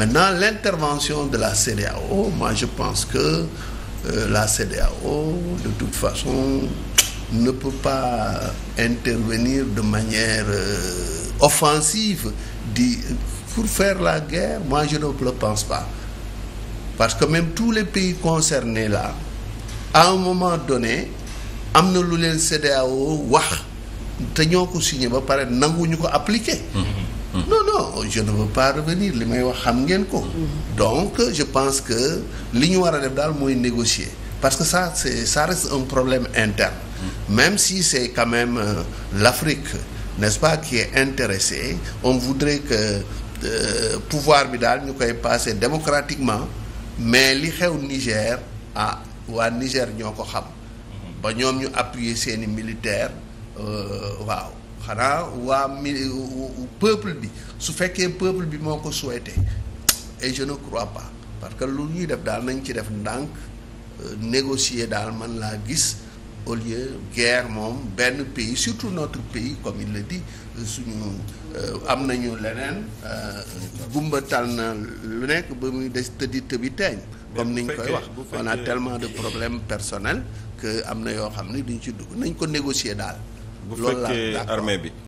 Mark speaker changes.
Speaker 1: Maintenant, l'intervention de la CDAO, moi je pense que euh, la CDAO, de toute façon, ne peut pas intervenir de manière euh, offensive di pour faire la guerre. Moi, je ne le pense pas. Parce que même tous les pays concernés la à un moment donné, am na lu leen CEDEAO wax te ñoo ko signé ba pare nanguñu ko appliqué. Mm-hmm. non non je ne veux pas revenir li may wax xam ngeen ko. donc je pense que li ñu war a def daal mooy négocier parce que ça c'est ça reste un problème interne. même si c'est quand même euh, l'Afrique n'est-ce pas qui est intéressée on voudrait que euh, pouvoir bi daal ñu koy passer démocratiquement mais li xew Niger ah waa Niger ñoo ko xam. ba ñoom ñu appuyer seeni militaires euh, waaw. xanaa waa mi peuple bi su fekkee peuple bi moo ko souhaité et je ne crois pas parce que lu ñuy def daal nañ ci def ndànk euh, négocier daal man laa gis au lieu guerre moom benn pays surtout notre pays comme il le dit euh, suñu euh, am nañu leneen gumba tal na lu nekk ba muy des tëddi tëbi teeñ comme niñ koy wax on a tellement de problème personnels que am na yoo xam ne duñ ci dugg nañ ko négocier daal bu fekkee armée bi